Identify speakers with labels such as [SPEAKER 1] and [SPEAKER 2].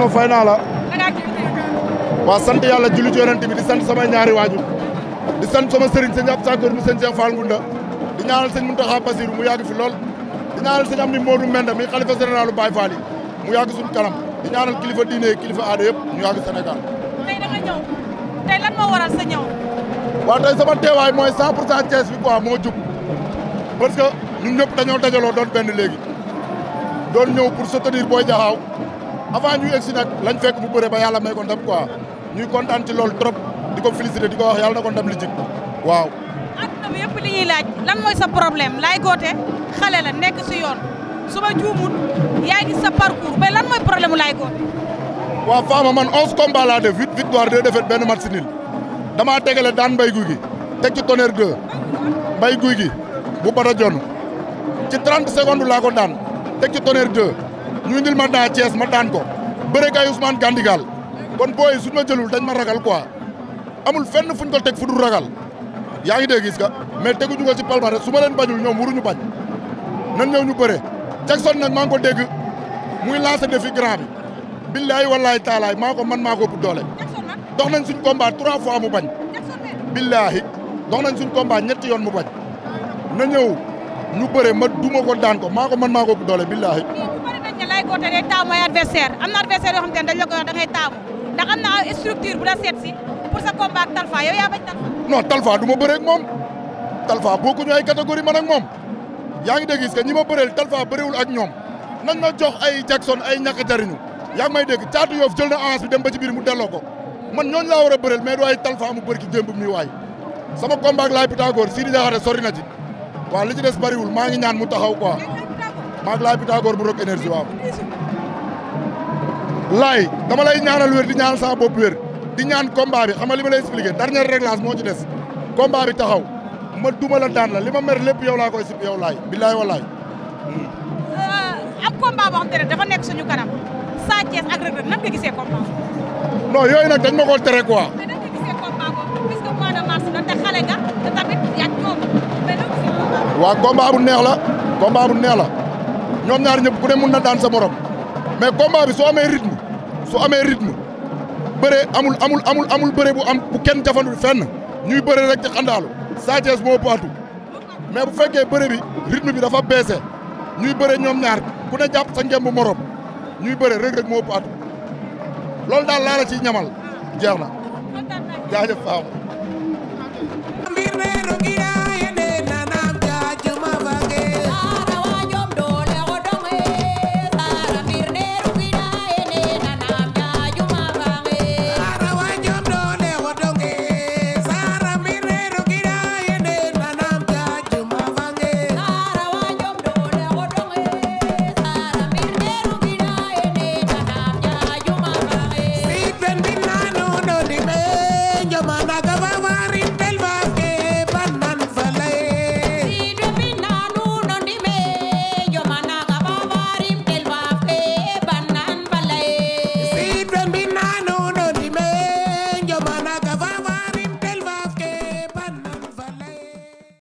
[SPEAKER 1] moo fay naa la. waa sant yàlla julli ci yonent bi di sant sama ñaari waajur di sant sama sëriñ se ab Sakor mu sëñ Cheikh Fall Ngunda di ñaanal sëñ Mountakha Bassirou mu yàgg fi lool di ñaanal sëñ am ni Modou Menda mi xalifa généralu Baye Fall yi mu yàgg suñu kanam di ñaanal kilifa diine yi kilifa aada yëpp ñu yàgg Sénégal.
[SPEAKER 2] tey da nga ñëw lan moo waral sa ñëw.
[SPEAKER 1] waaw tey sama teewaay mooy 100 pour cent Thiès bi moo jub parce que ñun ñëpp dañoo dajaloo doon ñëw pour soutenir Boy Diakhao avant ñuy egsi nag lañ fekk bu bëre ba yàlla may ko ndam quoi ñuy kontaan ci loolu trop di ko féliciter di ko wax yàlla na ko ndam li jik waaw.
[SPEAKER 2] àdduna bi yëpp li ñuy laaj lan mooy sa problème Laye Gothé xale nekk si yoon su ma juumul yaa sa parcours mais lan mooy problème mu Laye Gothé.
[SPEAKER 1] waaw man 11 combats laa def 8 victoire 2 défaites benn match nul damaa tegale daan mbay guy gi teg ci tonnerre 2 mbay guy gi bu bata jon ci 30 secondes laa ko ñu indil ma daa Thiès ma daan ko bëreeg ay Ousmane Gandigal kon booy suñ ma jëlul dañ ma ragal quoi amul fenn fuñ ko teg fu ragal yaa ngi dégg gis nga mais teguñu ko ci palmarès su ma leen bañul ñoom waruñu bañ nan ñëw ñu bëre Jackson nag maa ngi ko dégg muy lancé défi grand bi billaay wallaay taalaay maa ko man maa ko ëpp doole dox nañ suñ combat trois fois mu bañ billaahi dox nañ suñ combat ñetti yoon mu bañ na ñëw ñu bëre ma duma ko daan ko maa ko man maa ko ëpp doole billaahi
[SPEAKER 2] samay côté day taamu ay adversaire am na adversaire yoo xam te ne dañ la taamu ndax na structure bu la seet si pour Talfa yow yaa bañ Talfa.
[SPEAKER 1] non Talfa du ma bëree ak moom Talfa bokkuñu ay catégorie man ak moom yaa ngi dégg gis nga ñi ma bëreel Talfa bëriwul ak ñoom nañ ma jox ay Jackson ay ñàkk jariñu yaa ngi may dégg caatu yoof jël na avance bi dem ba ci biir mu delloo ko man ñooñu laa war a bëreel mais du ay Talfa mu bëri ci démb mi waay sama combat ak laay Pythagore Sidi Diakhaté sori na ci waaw ci des bëriwul maa ngi ñaan mu taxaw quoi maag laay Pythagore bu Rock Énergie waaw. laay dama lay ñaanal wér di ñaanal sa bopp wér di ñaan combat bi xam nga li ma lay expliqué dernier réglage moo ci des combat bi taxaw ma duma la daan la li ma mer lépp yow laa koy sip yow laay billaay walaay.
[SPEAKER 2] Euh, am yooyu nag de nga te tamit yaa ngi bu neex
[SPEAKER 1] la combat bu neex la. ñoom ñaar ñëpp ku ne mun na daan sa morom mais combat bi soo amee rythme su amee rythme bëre amul amul amul amul bëre bu am bu kenn jafandul fenn ñuy bëre rek ci xandaalu Sa Thiès moo paatu mais bu fekkee bëre bi rythme bi dafa baissé ñuy bëre ñoom ñaar ku ne jàpp sa ngemb morom ñuy bëre Reug Reug moo paatu loolu daal laa la ci ñamal jeex na jaajëf faaw